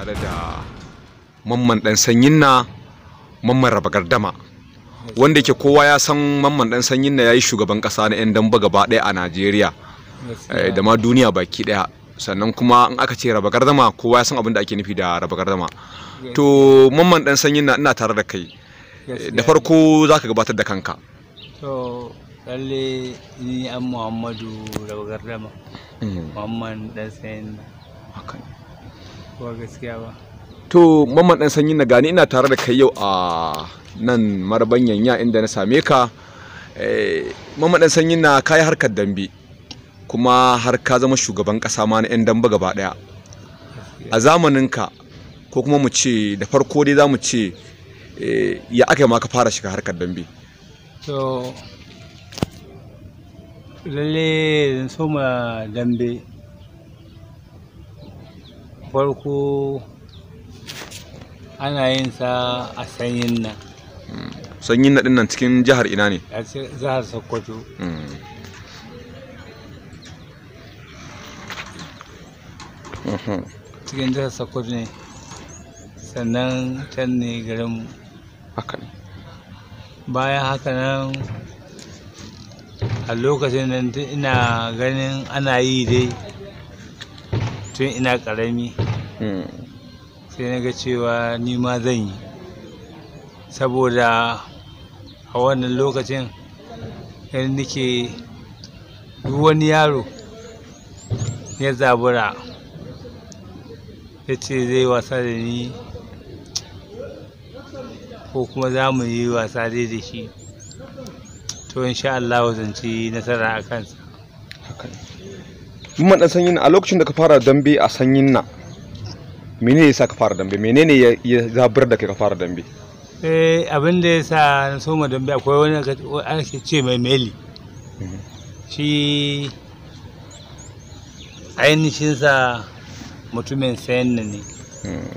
tare da mamman dan sanyin na mamman raba gardama wanda ke kowa ya san mamman dan sanyin na ya yi shugaban kasa na yan damba gaba daya a Najeriya eh, da ma duniya baki daya sannan kuma in aka ce raba gardama kowa ya san abin da ake nufi da raba gardama to mamman dan sanyin na ina tare da kai eh, da farko ka gabatar da kanka to lalle ni an Muhammadu raba gardama mm. mamman sanyin na kuwa gaskiya ba to mamman dan sanyi na gani ina tare da kai yau a nan marban yanya inda na same ka eh, mamman dan sanyi na kai harkar dambe kuma har ka zama shugaban kasa ma na yan dambe gaba daya a zamaninka ko kuma mu ce da farko dai za mu ce eh, ya aka ma ka fara shiga harkar dambe to lalle zan so ma dambe Farko ana yin sa a sanyin nan hmm. sanyin na nan cikin jihar ina ne a jihar sokoto hmm. Hmm. cikin jihar sokoto ne sannan can ne garin haka ne bayan haka nan a lokacin nan ina ganin ana yi dai tun ina ƙarami hmm. sai na ga cewa ni ma zan yi saboda a wannan lokacin yadda nake duk wani yaro ya zabura ya ce zai wasa da ni ko kuma za mu yi wasa dai da shi to insha Allah zan ci nasara a kansa mun dan sanyin a lokacin da ka fara dambe a sanyin na menene yasa ka fara dambe menene ya zabar da kai ka fara dambe eh abin da yasa na soma dambe akwai wani ake ce mai meli mhm. shi ainihin sa mutumin sayan ne mhm.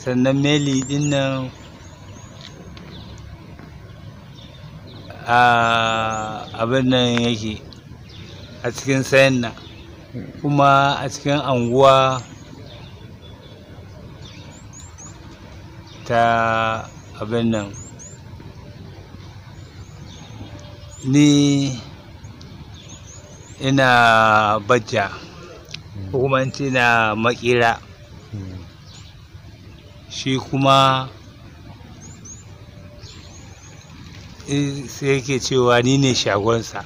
sannan meli din nan ah, abin nan yake a cikin sayan nan kuma a cikin anguwa ta abin nan ni ina bajja kuma na makira shi kuma sai yake cewa ni ne shagonsa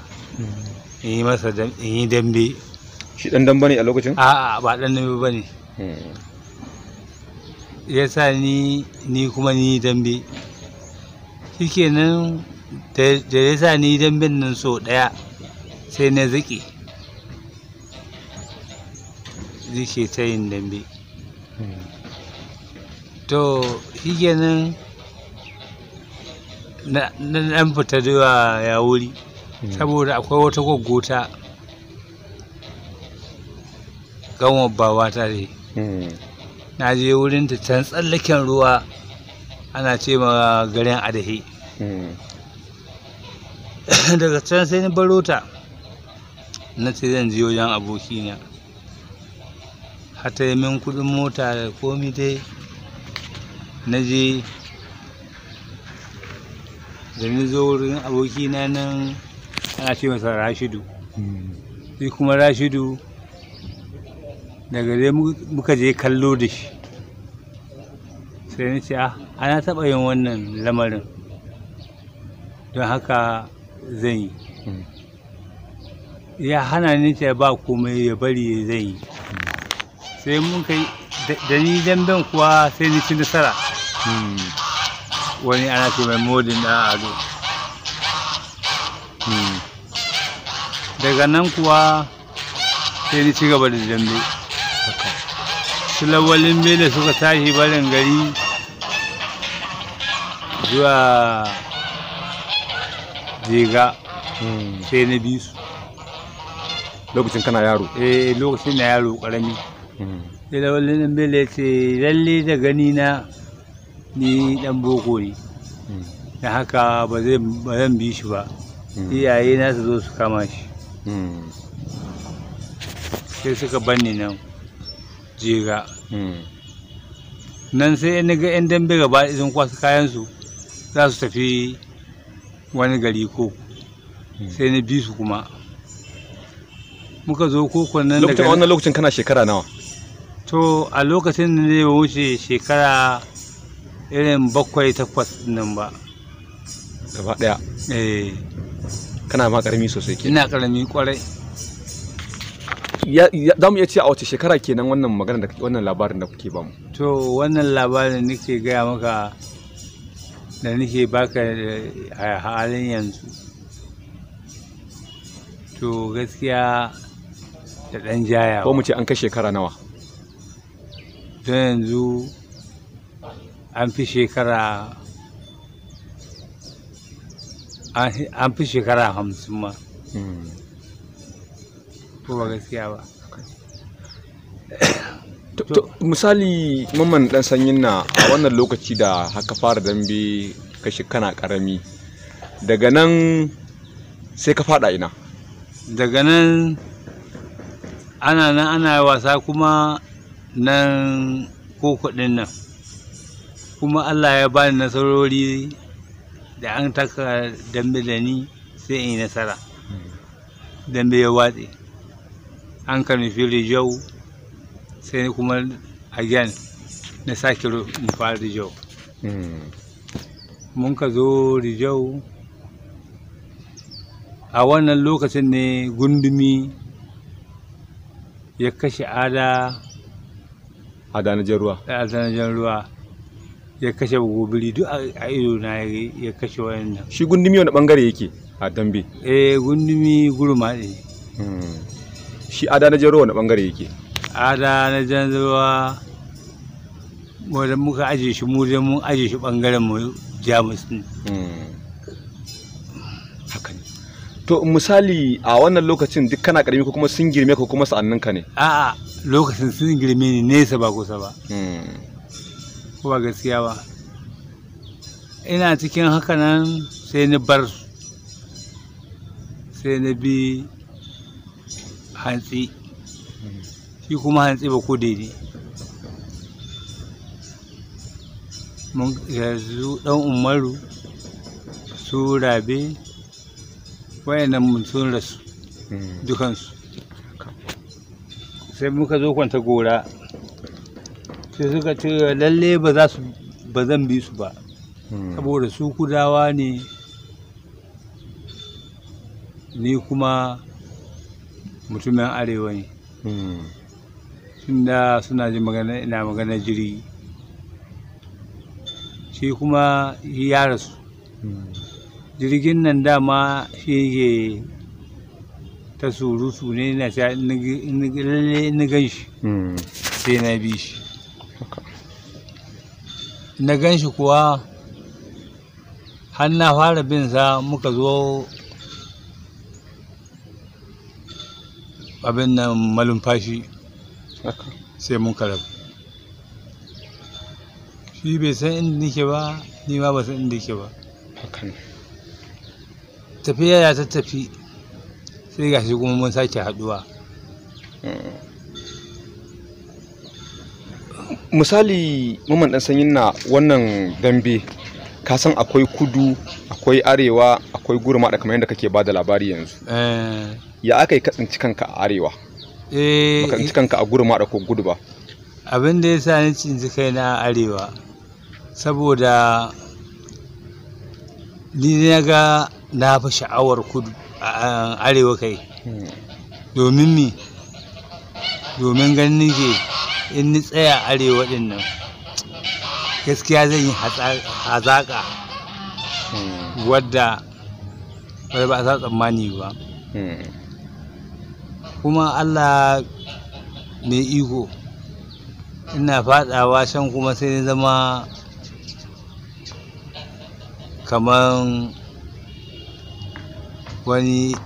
in yi masa in yi dambe shi dan dambe ne a lokacin a'a ba dan dambe ba ne hmm. ya sa ni ni kuma ni dambe shikenan da ya sa ni damben nan so daya sai na ziki zike ta yin dambe hmm. to shikenan na ɗan fita zuwa ya wuri saboda akwai wata gwaggota gawon bawa ta ne na je wurin ta can tsallaken ruwa ana ce ma garin adahi hmm. daga can sai ni baro ta na ce zan je wajen abokina hata yi min kudin mota da komi dai na je da ni zo wurin abokina nan ana ce masa rashidu shi kuma rashidu daga dai muka je kallo da shi sai na ce ah, ana taɓa yin wannan lamarin don haka zan yi ya hana ni ce ba komai ya bari zan yi sai mun kai da ni damben kuwa sai ni ci nasara wani ana ce mai modin da ado daga nan kuwa sai ni ci gaba da dambe su lawalin mele suka tashi barin gari zuwa jega sai na bi su lokacin kana yaro eh lokacin na yaro karami sai lawalin mele ce lalle da gani na ni dan boko ne na haka ba zan bi shi ba iyaye na su zo su kama shi sai suka banni nan jiga hmm. nan sai na ga 'yan dambe gaba izin kwasu kayansu za su tafi wani gari ko hmm. sai na bi su kuma muka zo koko nan daga wannan lokacin kana shekara nawa to a lokacin da ne ba wuce shekara irin bakwai takwas nan ba gaba daya eh kana ma karami sosai ke ina karami kwarai za mu iya ce a wace shekara kenan wannan magana da wannan labarin da kuke bamu to wannan labarin nake gaya maka da nake baka a halin yanzu to gaskiya da dan jaya ko mu ce an kai shekara nawa don yanzu an fi shekara an fi shekara hamsin ma hmm. to ba gaskiya ba misali mamman dan sanyin na a wannan lokaci da haka fara dambe kashi kana karami daga nan sai ka fada ina daga nan ana nan ana wasa kuma nan ko kudin nan kuma allah ya bani nasarori da an taka dambe da ni sai in yi nasara hmm. dambe ya watse an ka nufi rijau sai kuma again na sake nufa rijau hmm. mun ka zo rijau a wannan lokacin ne gundumi ya kashe ada a ruwa ruwa ya kashe gobiri duk a ido na ya kashe wayannan shi gundumi wani bangare yake a dambe eh gundumi gurma ne hmm. shi ada na jaro wani bangare yake ada na janzuwa wadda muka aje shi mu dai mun aje shi bangaren mu jamus ne hmm. haka ne to misali a wannan lokacin duk kana karami ko kuma sun girme ko kuma sa'annin ka ne a'a lokacin sun girme ne nesa ba kusa ba hmm. ko ba gaskiya ba ina cikin haka nan sai ni bar sai na bi hantsi shi kuma hantsi ba ko daidai mun yanzu dan umaru su rabe wayannan mun sun rasu hmm. dukansu sai muka zo kwanta gora sai suka ce lalle ba za su ba zan bi su ba hmm. saboda su kudawa ne ni kuma mutumin arewa ne hmm. tunda suna ji magana ina magana jiri shi kuma ya rasu hmm. jirgin nan dama shi ke ta surutu ne na gan shi sai na bi shi na gan shi kuwa har na fara bin sa muka zo abin nan malumfashi sai mun karab shi bai san inda nake ba ni ma ba san inda yake ba tafiya ya ta tafi sai gashi kuma mun sake haduwa mm. misali maman dan sanyin na wannan dambe ka san akwai kudu akwai arewa akwai gurma da kamar yadda kake ba da labari yanzu eh. ya aka yi katsinci kanka a arewa eh, baka tsinci kanka a gurma da ko gudu ba abin da ya sa ni tsinci kai na arewa saboda ni na ga na fi sha'awar kudu a arewa kai hmm. domin mi domin ganin ke in ni tsaya arewa din nan gaskiya zan yi hazaƙa hmm. wadda wadda ba sa tsammani ba hmm. kuma allah mai iko ina fadawa shan kuma sai na zama kamar wani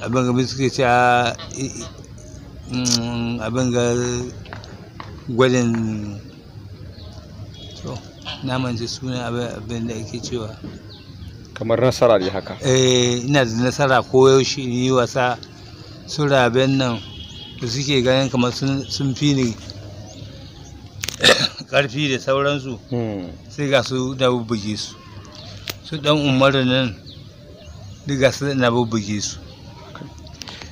abin ga suke cewa mm, abin ga gwalin to na manta suna abin da ake cewa kamar nasara ne haka eh ina da nasara ko yaushe ni wasa su raben nan da suke ganin kamar sun fi ni karfi da sauransu hmm. sai ga su na bubbuge su su dan umaru nan ga su na bubbuge su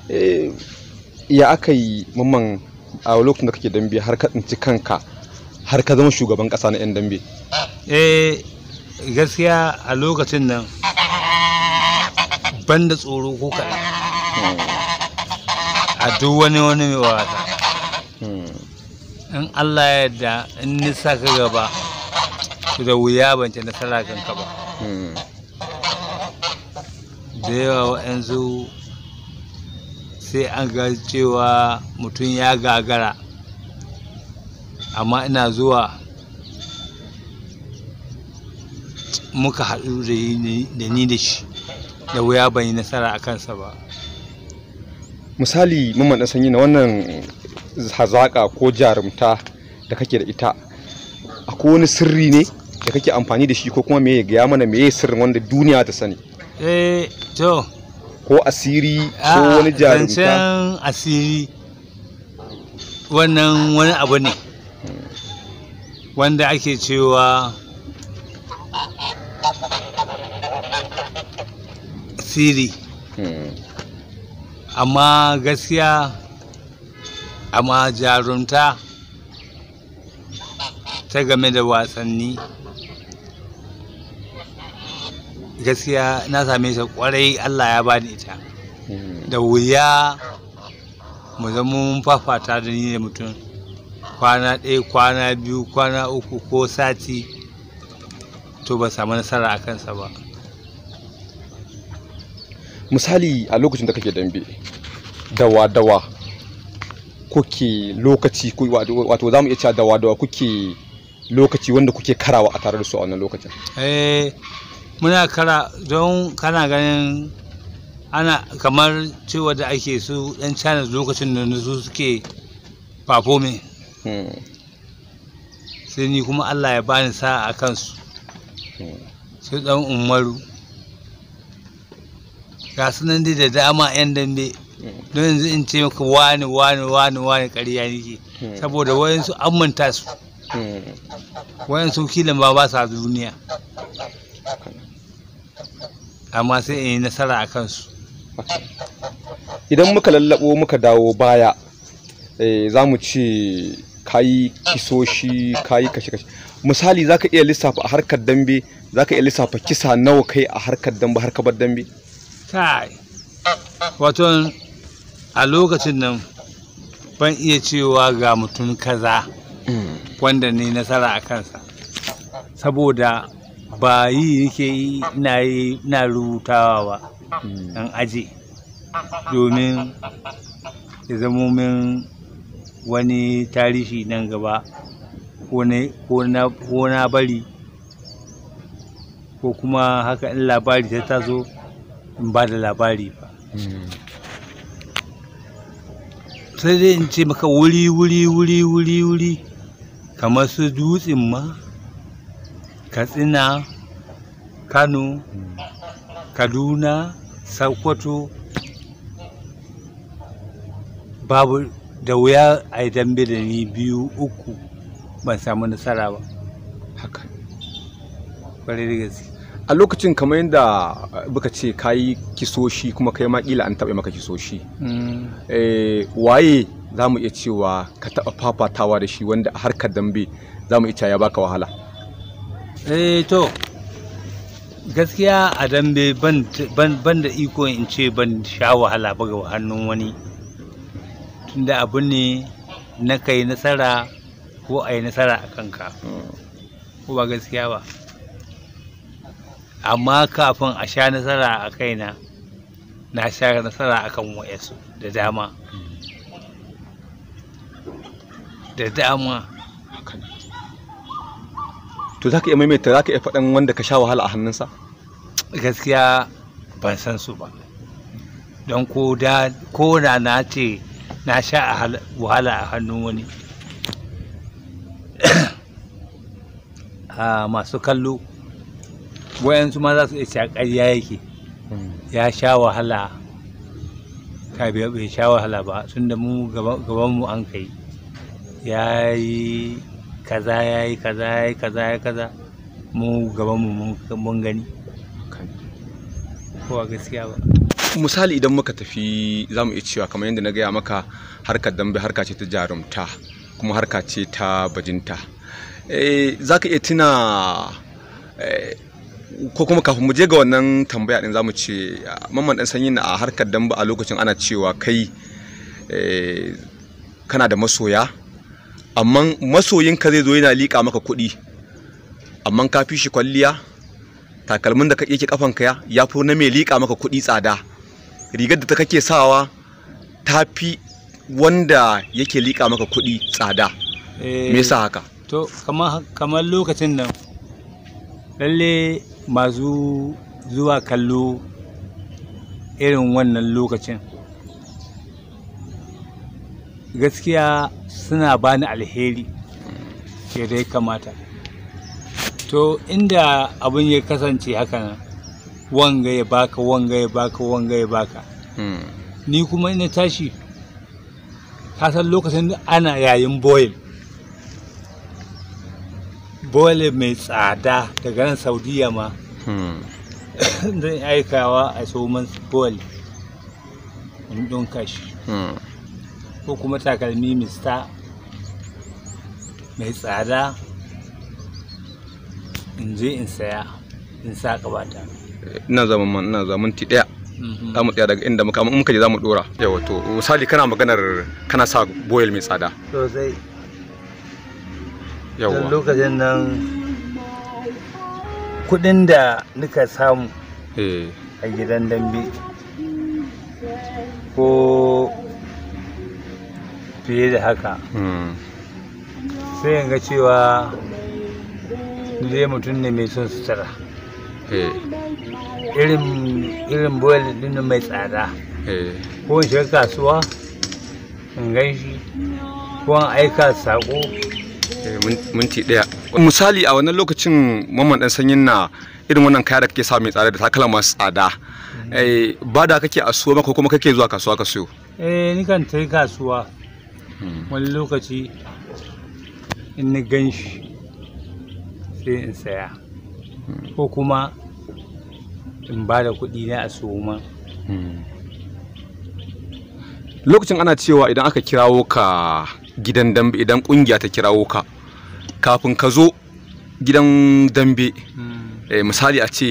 eh, ya aka yi mamman a lokacin da kake dambe har ka tsinci kanka har ka zama shugaban kasa na 'yan dambe eh gaskiya a lokacin nan ban da tsoro ko kaɗan a duk wani wani mai wata in allah ya yarda in nisa ka gaba da wuya ban ci nasara kanka ba hmm. da yawa sai an ga cewa mutum ya gagara amma ina zuwa muka haɗu da ni da shi da wuya ban yi nasara a kansa ba misali mun na sanyi na wannan hazaƙa ko jarumta da kake da ita akwai wani sirri ne da kake amfani da shi ko kuma me ya mana me sirrin wanda duniya ta sani eh to ko asiri ko ah, wani jarumta zancen asiri wannan wani abu ne wanda ake cewa asiri hmm. amma gaskiya amma jarumta ta game da wasanni gaskiya na same shi kwarai allah ya bani ita hmm. da wuya mu zama mun fafata da ni da mutum kwana ɗaya kwana biyu kwana uku ko sati to ba samu nasara a kansa ba misali a lokacin da kake dambe dawa-dawa kuke lokaci wato za mu iya cewa dawa-dawa kuke lokaci wanda kuke karawa a tare da su a wannan lokacin eh muna kara don kana ganin ana kamar cewa da ake su yan china lokacin da su suke performing hmm. sai ni kuma allah ya bani sa'a a kansu hmm. su dan umaru ga sunan dai da dama yan dambe hmm. don yanzu in ce maka wani wani wani wani ƙarya nike saboda wayansu an manta su wayansu kilan ba ba sa duniya amma sai in yi nasara a kansu idan muka lallabo muka dawo baya eh, za mu ce kayi kisoshi kayi kashe-kashe misali za ka iya lissafa a harkar dambe za ka iya lissafa kisa nawa kai a harkar dambe har kabar dambe kai wato a lokacin nan ban iya cewa ga mutum kaza hmm. wanda ne nasara a kansa saboda ba yi yake yi na yi na rubutawa ba an aje domin ya zamo wani tarihi nan gaba ko na bari ko kuma haka in labari ta taso in ba da labari ba sai dai in ce maka wuri wuri wuri wuri wuri kamar su dutsen ma katsina kano kaduna sokoto babu da wuya a yi dambe da ni biyu uku ban samu nasara ba haka a lokacin kamar yadda buka eh, ce ka yi kisoshi kuma kai ma kila an taɓa maka kisoshi mm. eh, waye za mu iya cewa ka taɓa fafatawa da shi wanda a harkar dambe za mu iya ya baka wahala eh to gaskiya a dambe ban da iko in ce ban sha wahala ba ga hannun wani tunda abu ne na kai nasara ko a nasara a kanka ko ba gaskiya ba amma kafin a sha nasara a kaina na sha nasara a kan da dama da dama to za ka iya maimaita za ka iya faɗan wanda ka sha wahala a hannunsa gaskiya ban san su ba don ko da ko na na ce na sha wahala a hannun wani ah, masu kallo wayansu ma za su iya ya yake ya sha wahala ka bai sha wahala ba sun da mu gabanmu an kai ya yi kaza ya yi kaza ya yi kaza ya kaza mu gaban mu mun gani kowa gaskiya ba misali idan muka tafi za mu iya cewa kamar yadda na gaya maka harkar dambe harka ce ta jarumta kuma harka ce ta bajinta eh, za ka iya tuna eh, ko kuma kafin mu je ga wannan tambaya din zamu ce mamman dan sanyi na a harkar dambe a lokacin ana cewa kai eh, kana da masoya amma masoyinka zai zo yana liƙa maka kuɗi amma ka fi shi kwalliya takalmin da yake kafan ya ya fi na mai liƙa maka kuɗi tsada rigar da ta kake sawa ta fi wanda yake liƙa maka kuɗi tsada eh, me yasa haka to kamar lokacin nan lalle masu zuwa kallo irin wannan lokacin gaskiya suna bani alheri ke dai kamata to inda abin ya kasance haka wanga ya baka wanga ya baka wanga ya baka hmm. ni kuma ina tashi ka san lokacin ana yayin boil boil mai tsada daga nan saudiya ma hmm. zan aikawa a tsohon boil don kashi ko kuma takalmi mista mai tsada in je in saya in sa kabata ina zaman man ina zaman ti daya mhm. za mu tsaya daga inda muka muka je za mu dora yawa to misali kana maganar kana sa boyel mai tsada sosai yawa lokacin nan kudin da nika samu eh. a gidan dambe ko fiye da haka hmm. sai ga cewa zai mutum ne mai son sutura eh. irin boyar dinu mai tsada eh. ko in shiga kasuwa in gan shi ko an aika sako eh, minti daya misali a wannan lokacin mamman dan sanyin na irin wannan kaya da kake sa mai tsada da takalma masu tsada mm. ba da kake a suwa ko kuma kake zuwa kasuwa ka siyo eh ni kan tai kasuwa wani lokaci in ni gan shi sai in saya ko kuma in ba da kuɗi na a soma lokacin ana cewa idan aka kirawo ka gidan dambe idan ƙungiya ta kirawo ka kafin ka zo gidan dambe hmm. eh, misali a ce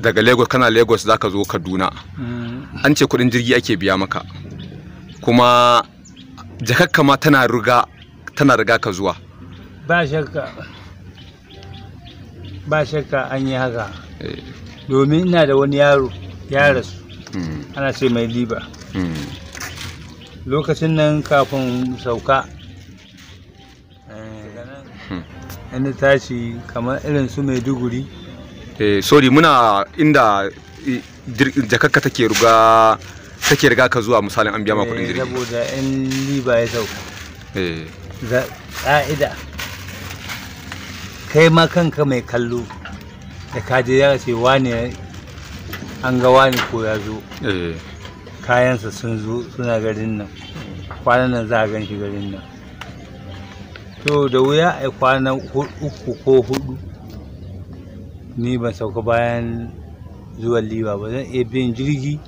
daga lagos kana lagos za ka zo kaduna hmm. an ce kudin jirgi ake biya maka kuma jakakka ma tana riga tana riga ka zuwa ba shakka ba shakka an yi haka eh. domin ina da wani yaro ya rasu hmm. ana ce mai liba hmm. lokacin nan kafin sauka yana eh, hmm. tashi kamar irin su mai duguri. Eh, sorry muna inda jakakka take ruga sake riga ka zuwa misalin an biya ma kuɗin eh, jirgi saboda in liba ya sauka za eh. ƙa'ida kai ma kanka mai kallo da kaje ya ce wani an ga wani ko ya zo eh. kayansa sun zo suna garin nan kwanan nan za a gan shi garin nan to da wuya a kwanan uku ko hudu ni ban sauka bayan zuwan liba ba zan iya bin jirgi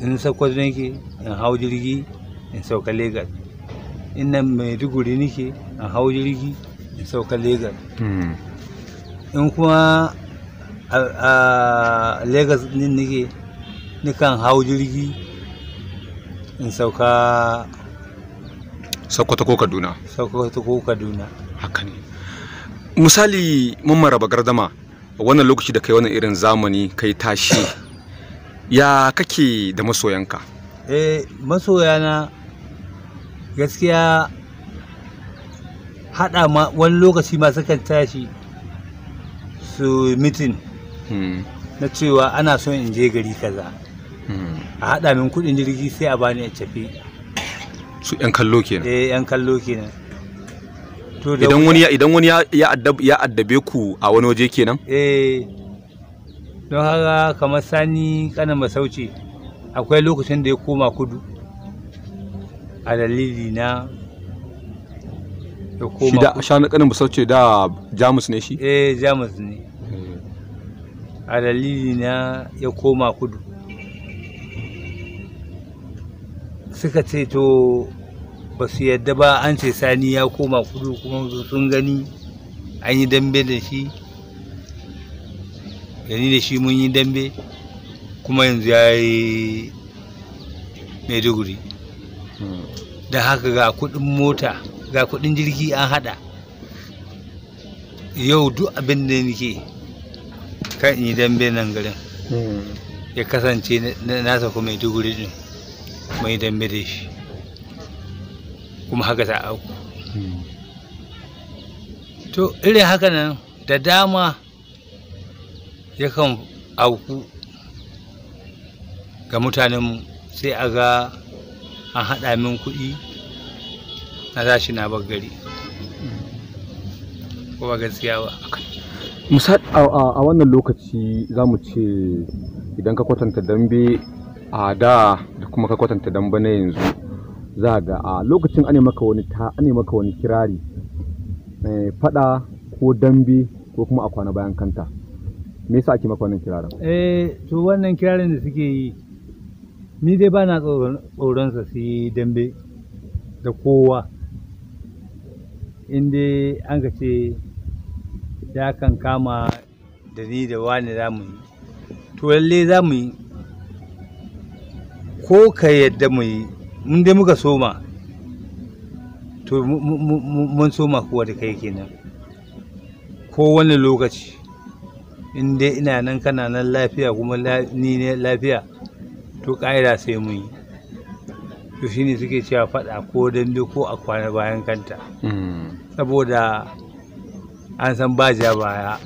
in sakwas nake in hau jirgi in sauka Legas. in mai maiduguri nake in hau jirgi in sauka Legas. Hmm. in kuma a Legas din nake nikan hau jirgi in sauka sokoto ko kaduna sokoto ko kaduna haka ne misali mun maraba gardama wannan lokaci da kai wannan irin zamani kai tashi ya kake da masoyanka eh masoyana gaskiya haɗa ma wani lokaci ma sukan tashi su mitin hmm. na cewa ana son in je gari kaza hmm. a haɗa min kuɗin jirgi sai a bani a cafe su yan kallo kenan eh yan kallo kenan to idan wani ya idan wani ya addabe ku a wani waje kenan eh don haka kamar sani kanan masauce akwai lokacin da ya koma kudu a dalili na ya koma kudu shi da shanu kanan masauce da jamus ne shi eh jamus ne a dalili na ya koma kudu suka ce to ba su yadda ba an ce sani ya koma kudu kuma sun gani an yi dambe da shi da ni da shi mun yi dambe kuma yanzu ya yi maiduguri hmm. da haka ga kudin mota ga kudin jirgi an hada yau duk abin da nike kan yi dambe nan garin hmm. ya kasance na sako maiduguri din mai dambe da shi kuma haka ta auku hmm. to irin haka nan da dama yakan auku ga mutanenmu sai a ga an haɗa min kuɗi na shi na gari ko ba gaskiya ba misal a wannan lokaci za mu ce idan ka kwatanta dambe a da da kuma ka kwatanta dambe na yanzu za ga a lokacin ane maka wani ta ane maka wani kirari eh, fada ko dambe ko kuma a kwana bayan kanta me yasa ake maka wannan kirarin eh to wannan kirarin da suke yi ni dai ba na tsoron sa su yi dambe da kowa in dai an ka ce ya kan kama da ni da wani za mu yi to lalle za mu yi ko ka yadda mu yi mun dai muka soma to mun soma kowa da kai kenan ko wani lokaci in dai ina nan kana nan lafiya kuma ni ne lafiya to ƙa'ida sai mun yi to shi ne suke cewa faɗa ko dambe ko a kwana bayan kanta hmm. saboda an san ba ja baya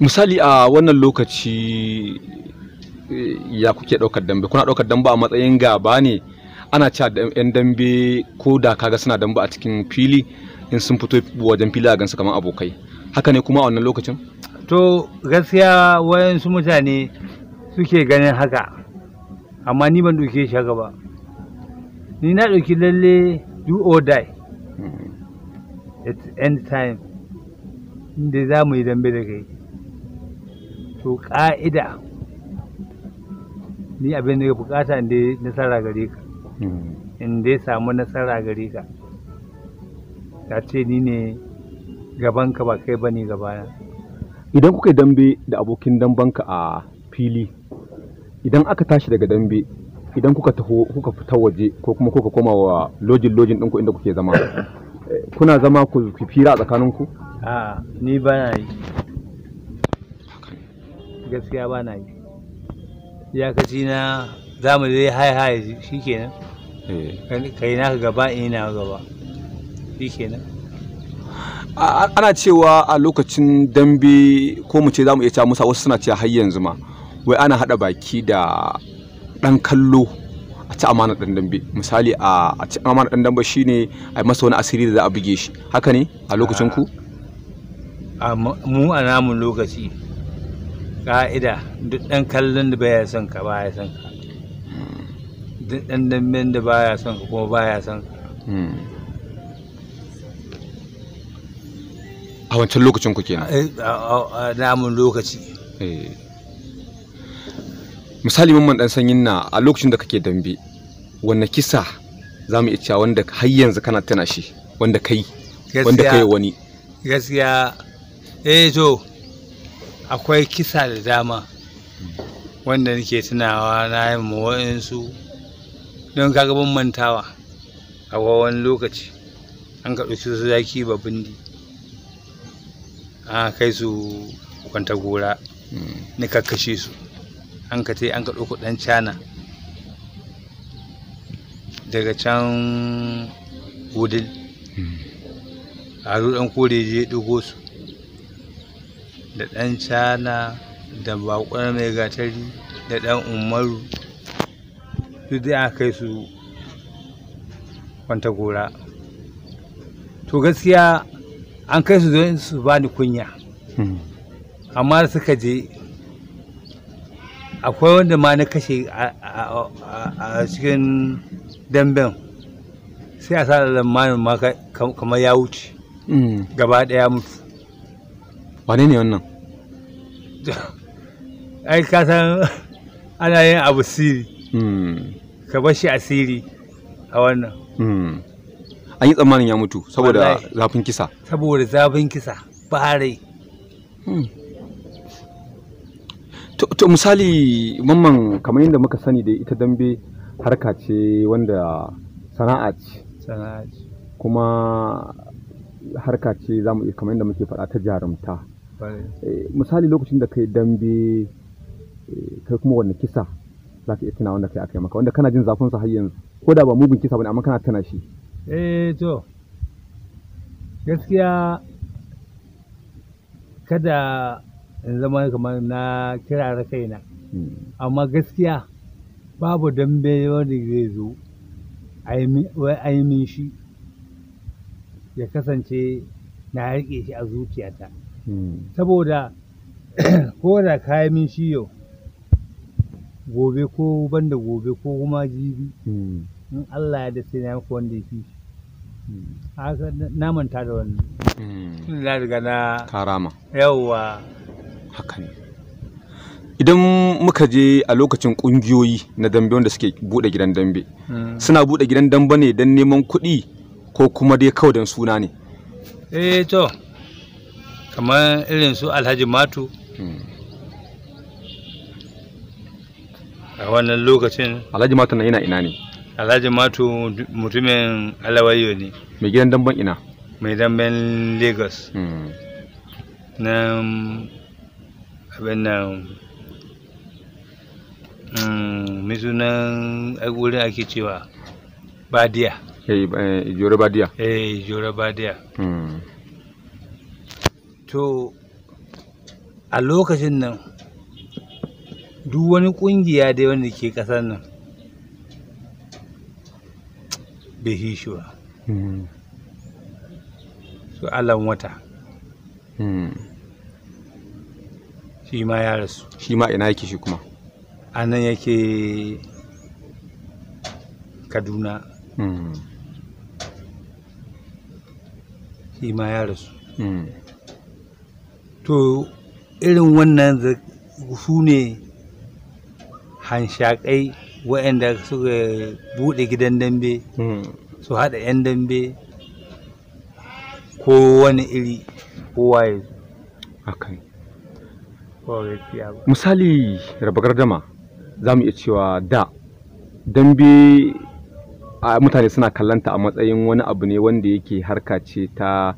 misali a wannan lokaci eh, ya kuke ɗaukar dambe kuna ɗaukar dambe a matsayin gaba ne ana cewa yan dambe ko da kaga suna dambe a cikin fili in sun fito wajen fili a gansu kamar abokai haka ne kuma a wannan lokacin to gaskiya wayansu mutane suke ganin haka amma ni ban ɗauke shi haka ba ni na ɗauki lalle do or die hmm. at end time inda za mu yi dambe da kai to ƙa'ida ni abin da ya bukata inda nasara gare ka hmm. inda ya samu nasara gare ka ta ce ni ne gabanka ba kai bane baya. idan kuka yi dambe da abokin dambanka a fili idan aka tashi daga dambe idan kuka taho kuka fita waje ko kuma kuka koma wa lojin lojin ɗinku inda kuke zama kuna zama ku fira a tsakaninku a ni ba na yi gaskiya ba na yi iyakaci na za mu zai hai hai shi kenan eh. kai na gaba ina gaba shi kenan ana cewa a lokacin dambe ko mu ce za mu iya cewa musa wasu suna cewa har yanzu ma wai ana haɗa baki da ɗan kallo a ci amana dan dambe misali a ci amana dan dambe shine a yi masa wani asiri da za a buge shi haka ne a lokacin ku mu a namun lokaci ka'ida duk ɗan kallon da baya son ka baya son ka hmm. duk ɗan dambe da baya son ka kuma baya son ka hmm. a wancan lokacin ku kenan eh, a namun lokaci eh. misali mun dan sanyin na a lokacin da kake dambe wanne kisa za mu iya cewa wanda har yanzu kana tana shi wanda kai wanda kai wani gaskiya eh to akwai kisa da dama wanda nake tunawa na yi ma wa'insu don kaga ban mantawa a wani lokaci an ka ɗauki su zaki babin di an kai su kwanta gora hmm. ni kakkashe su an ka an ka ɗauko ɗan cana daga can wudil hmm. a ɗan kore je ɗigo su da ɗan cana da baƙon mai gatari da ɗan umaru su zai an kai su kwanta gora to gaskiya an kai su don su bani kunya hmm. amma suka je akwai wanda ma na kashe a cikin damben sai a sa da lamarin ma kamar ya wuce hmm. gaba daya mutu wane ne wannan ai ka san ana yin abu siri hmm. ka bar shi asiri a wannan an yi tsammanin ya mutu saboda zafin kisa saboda zafin kisa bare hmm. to misali mamman kamar yadda muka sani da ita dambe harka ce wanda sana'a ce kuma harka ce za mu iya kamar yadda muke faɗa ta jarumta eh, misali lokacin da kai dambe eh, kai kuma wanda kisa za ka iya tuna wanda kai aka yi maka wanda kana jin zafin sa har yanzu ko da ba mugun kisa bane amma kana tana shi Eh to, gaskiya kada in zama kamar na kirara kaina. Hmm. Amma gaskiya babu dambe wanda zai zo a shi ya kasance na riƙe shi a zuciyata. Hmm. Saboda ko da kai min shi yau, gobe ko banda gobe ko kuma jibi hmm. in Allah ya yarda sai na wanda ya fi shi. na manta da wannan hmm. na riga na karama yawwa haka ne idan muka je a lokacin kungiyoyi na dambe wanda suke bude gidan dambe hmm. suna bude gidan dambe ne don neman kuɗi ko kuma dai kawai don suna ne eh to kamar irin su alhaji matu hmm. a wannan lokacin alhaji matu na yana ina ne Alhaji Matu mutumin Alawayo ne. Mai gidan damben ina? Mai damben Lagos. Hmm. Na abin nan hmm, mai sunan wurin ake cewa Badiya. jure eh, Badiya. Eh, Jore Badiya. Eh, hmm. To, a lokacin nan, duk wani kungiya dai wanda ke kasar nan. behishuwa hmm. su alan wata hmm. shi ma ya rasu shi ma ina yake shi kuma a nan yake kaduna hmm. shi ma ya rasu to irin wannan su ne hanshakai waɗanda suka buɗe gidan dambe hmm. su haɗa 'yan dambe ko wani iri kowa ya zo misali raba gardama za iya cewa da dambe mutane suna kallanta a matsayin wani abu ne wanda yake harka ce ta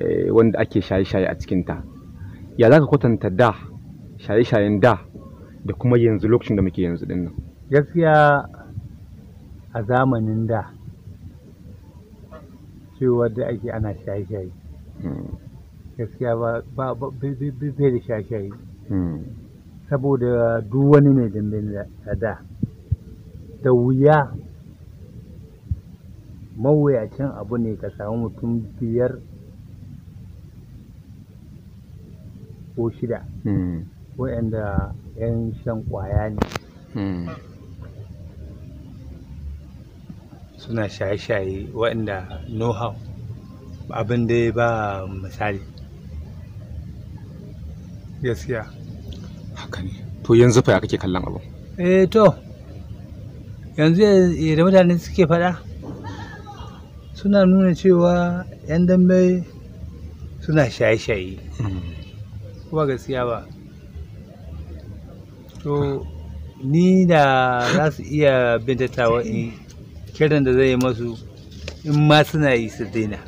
eh, wanda ake shaye-shaye a cikinta ya zaka kwatanta da shaye-shayen da da kuma yanzu lokacin da muke yanzu dinnan Gaskiya a zamanin da cewar da ake ana shaye-shaye. Gaskiya ba ba da shaye-shaye. Saboda duk wani mai dambe da da da wuya mawuyacin abu ne ka samu mutum biyar ko shida hmm. waɗanda 'yan shan kwaya ne. Hmm. suna shaye-shaye waɗanda no how abin da ba misali gaskiya haka ne to yanzu fa ya kake kallon abu eh to yanzu da mutane suke faɗa suna nuna cewa 'yan dambe suna shaye-shaye kuma hmm. gaskiya ba to ni da za su iya bintatawa in kiran da zai yi masu in ma suna yi su daina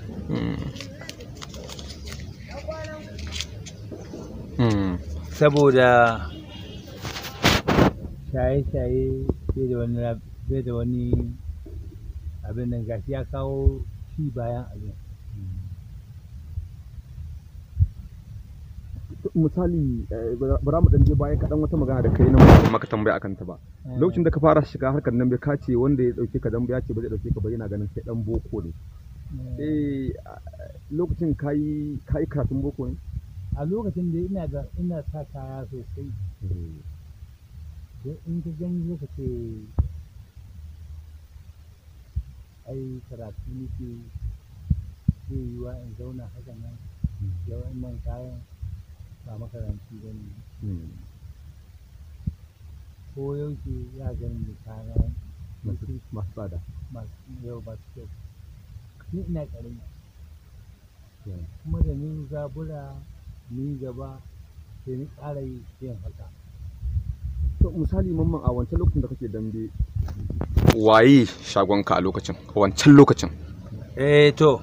hmm. saboda shaye-shaye bai da wani abin nan gashi ya kawo shi bayan abin misali eh, bara mu dan je bayan kaɗan wata magana da kai na maka tambaya akan ta ba eh. lokacin da ka fara shiga harkar nan bai kace wanda ya dauke ka dan ya ce ba zai dauke ka ba yana ganin sai dan boko ne eh, eh lokacin kai kai karatun boko ne a lokacin da ina ga ina sa kaya sosai don in ka gani zaka ce ai karatu nake zai yiwa in zauna haka nan yawan man kayan ba makaranci ba ne hmm. ko yaushe ya gani da kana masu tsada yau ba su kyau ni ina ƙarami kuma da ni zabura ni gaba sai ni ƙara yin haka to misali mamman a wancan lokacin da kake dambe waye shagonka a lokacin wancan lokacin eh to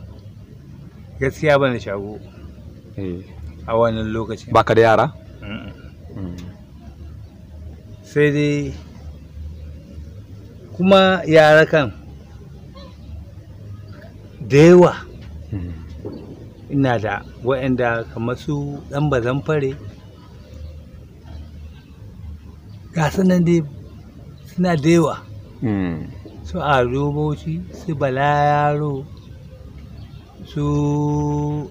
gaskiya ni shago eh a wannan lokacin baka da yara mm. sai dai kuma yara kan da yawa mm. ina da waɗanda kamar su ɗan bazan fare ga sanan dai suna da yawa mm. su a bauchi su bala yaro su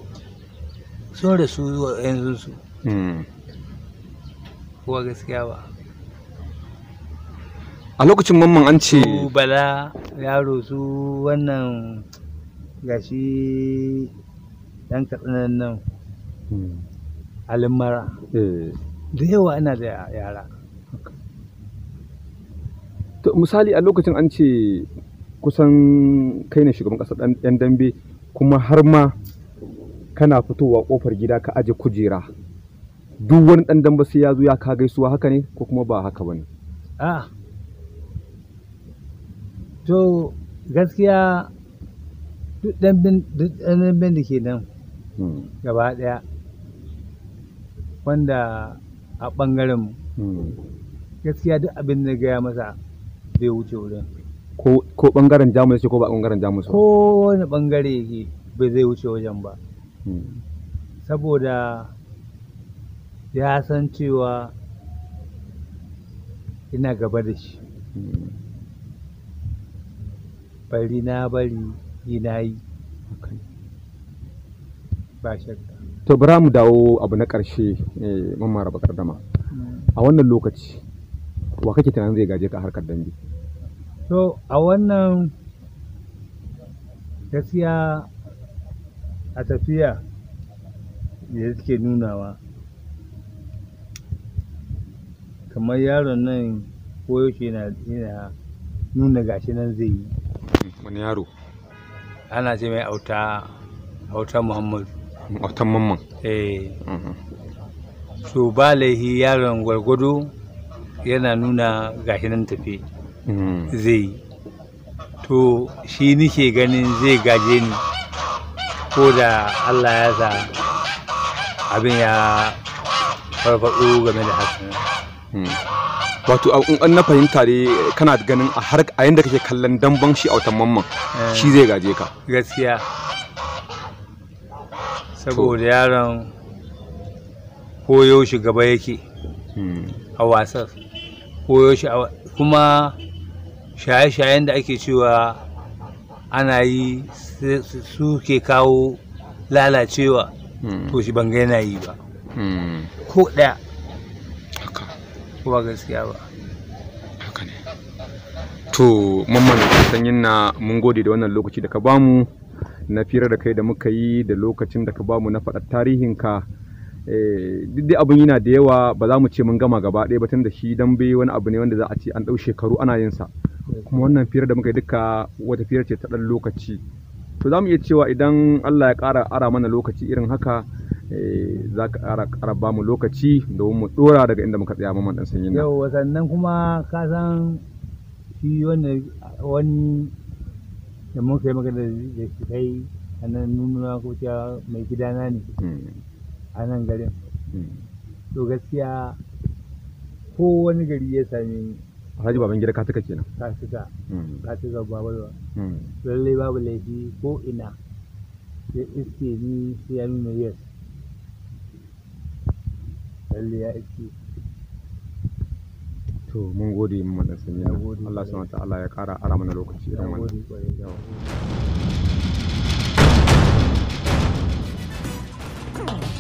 sun su yanzu su hmm. kuwa gaskiya ba a lokacin mamman an ce bala yaro su wannan gashi yan katsinan nan hmm. alimara eh. da yawa ana da yara misali a lokacin an ce kusan kai ne shugaban ƙasa ɗan dambe kuma har ma kana fitowa kofar gida ka aje kujera duk wani dan damba sai ya zo ya ka gaisuwa haka ne ko kuma ba haka bane a to gaskiya duk dambin da ke nan hmm. gaba daya wanda a bangaren hmm. gaskiya duk abin da gaya masa zai wuce wurin ko bangaren jamus ko ba bangaren jamus ko wani bangare yake bai zai wuce wajen ba saboda ya san cewa ina gaba da shi bari na bari ina yi ba shakka to bara mu dawo abu na ƙarshe eh, mamma raba kardama a wannan lokaci wa kake tunanin zai gaje ka harkar dambe to a wannan gaskiya a tafiya me take nunawa kamar yaron nan koyaushe yana yana nuna gashi nan zai yi wani yaro ana ce mai auta auta muhammadu auta mamman eh mm-hmm. so ba laihi yaron gwargwado yana nuna gashi nan tafi mm. zai yi to shi nike ganin zai gaje ni ko da Allah ya sa abin ya farfaɗo game da Hassan. Hmm. Wato an na fahimta dai kana ganin a har a yadda kake kallon damban shi a watan mamman eh. shi zai gaje ka. Gaskiya. Saboda yaron koyo shi gaba yake hmm. a wasan koyo shi kuma shaye-shayen da ake cewa ana yi su ke kawo lalacewa hmm. to shi ban yana yi ba hmm. ko ɗaya ko ba gaskiya ba haka ne to mamman sanyin na mun gode da wannan lokaci da ka bamu na firar da kai da muka yi da lokacin da ka bamu na faɗa tarihinka eh, duk dai abin yana da yawa ba za mu ce mun gama gaba ɗaya ba tun da shi dambe wani abu ne wanda za a ce an ɗau shekaru ana yin sa kuma wannan firar da muka yi duka wata firar ce ta ɗan lokaci to za mu iya cewa idan Allah ya ƙara ara mana lokaci irin haka eh, za ka ƙara ƙara ba mu lokaci domin mu ɗora daga inda muka tsaya mamman ɗan sanyi yau wasannan kuma ka san shi wani da muka yi magana da shi kai a nuna ko cewa mai gidana ne hmm. a nan garin hmm. to gaskiya ko wani gari ya sami Alhaji baban gida ka tuka kenan. Ka tuka. Hmm. Ka tuka babalwa. Hmm. Lallai babu laifi ko ina. Sai iske ni sai ya nuna yes. Lallai ya iske. To mun gode mun madan sanyi na. Allah subhanahu ta'ala ya kara ara mana lokaci irin wannan. on.